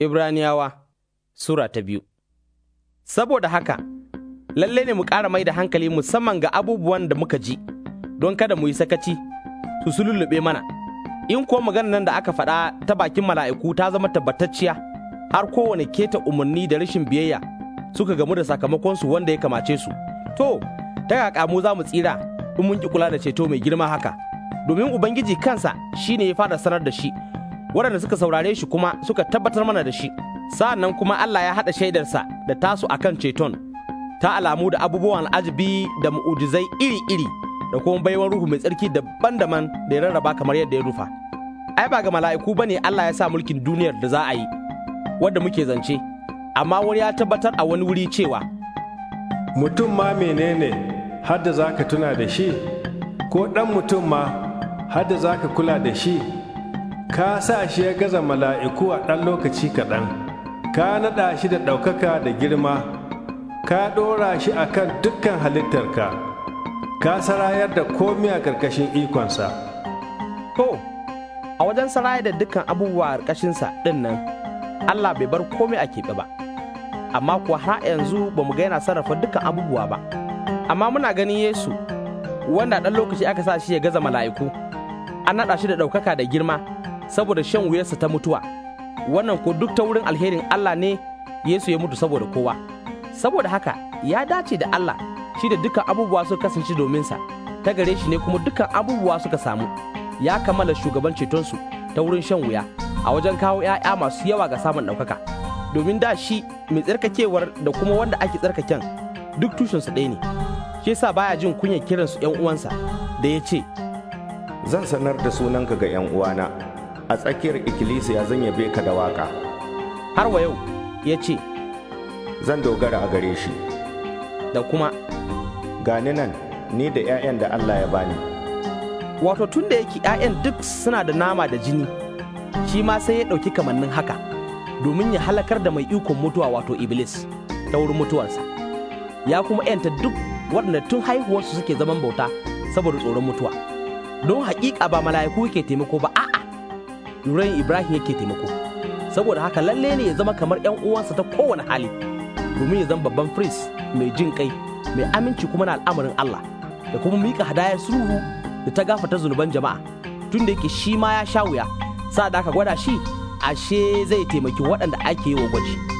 Ibraniyawa Sura ta biyu Saboda haka, lalle ne mu ƙara mai da hankali musamman ga abubuwan da muka ji, don kada mu yi sakaci su sululluɓe mana. In kuwa maganar nan da aka faɗa ta bakin mala'iku ta zama tabbatacciya, har kowane keta umarni da rashin biyayya suka gamu da sakamakonsu wanda ya kamace su. To, ta kaka mu za mu tsira in mun ƙi kula da ceto mai girma haka, domin Ubangiji kansa shi ne ya fara sanar da shi. waɗanda suka saurare shi kuma suka tabbatar mana da shi sa'an nan kuma Allah ya haɗa shaidarsa da tasu kan ceton ta alamu da abubuwan ajibi da mu'ujizai iri-iri da kuma baiwan ruhu mai tsarki daban-daban da ya rarraba kamar yadda ya rufa ai ba ga mala'iku ba ne Allah ya sa mulkin duniyar da za a yi wadda muke zance amma wani ya tabbatar a wani wuri cewa mutum ma menene hadda za ka tuna da shi ko ɗan mutum ma hadda za ka kula da shi ka sa shi ya gaza mala'iku a ɗan lokaci kaɗan ka naɗa shi da ɗaukaka da girma ka ɗora shi a kan dukkan halittarka ka sarayar da komi a ƙarƙashin ikonsa to a wajen sarayar da dukkan abubuwa a ƙarƙashinsa ɗin nan allah bai bar komai a keɓe ba amma kuwa har yanzu ba mu gaina sarrafa dukkan abubuwa ba amma muna ganin yesu wanda ɗan lokaci aka sa shi ya gaza mala'iku an naɗa shi da ɗaukaka da girma saboda shan wuyarsa ta mutuwa wannan ko duk ta wurin alherin Allah ne Yesu ya mutu saboda kowa saboda haka ya dace da Allah shi da dukkan abubuwa suka kasance domin sa ta gare shi ne kuma dukkan abubuwa suka samu ya kammala shugaban su ta wurin shan wuya a wajen kawo 'ya'ya masu yawa ga samun ɗaukaka domin da shi mai tsarkakewar da kuma wanda ake tsarkaken duk tushensu ɗaya ne shi yasa baya jin kunyar kiransu 'yan uwansa da ya ce zan sanar da sunanka ga 'yan uwana a tsakiyar ikkilisiya zan yabe ka da waka har wa yau ya ce zan dogara a gare shi da kuma gani nan ni da 'ya'yan da allah ya bani wato tun da yake 'ya'yan duk suna da nama da jini shi ma sai ya ɗauki kamannin haka domin ya halakar da mai ikon mutuwa wato iblis ta wurin mutuwarsa ya kuma 'yanta duk waɗanda tun haihuwarsu suke zaman bauta saboda tsoron mutuwa don haƙiƙa ba mala'iku ke taimako ba a Nurain Ibrahim yake taimako. Saboda haka lalle ne ya zama kamar 'yan uwansa ta kowane hali, domin ya zama babban firist mai jin kai, mai aminci kuma na al'amarin Allah, da kuma mika hadayar sulhu da ta gafata zunuban jama'a. Tun da yake shi ma ya sha wuya, sa da aka gwada shi, ashe zai taimaki waɗanda ake yi wa gwaji.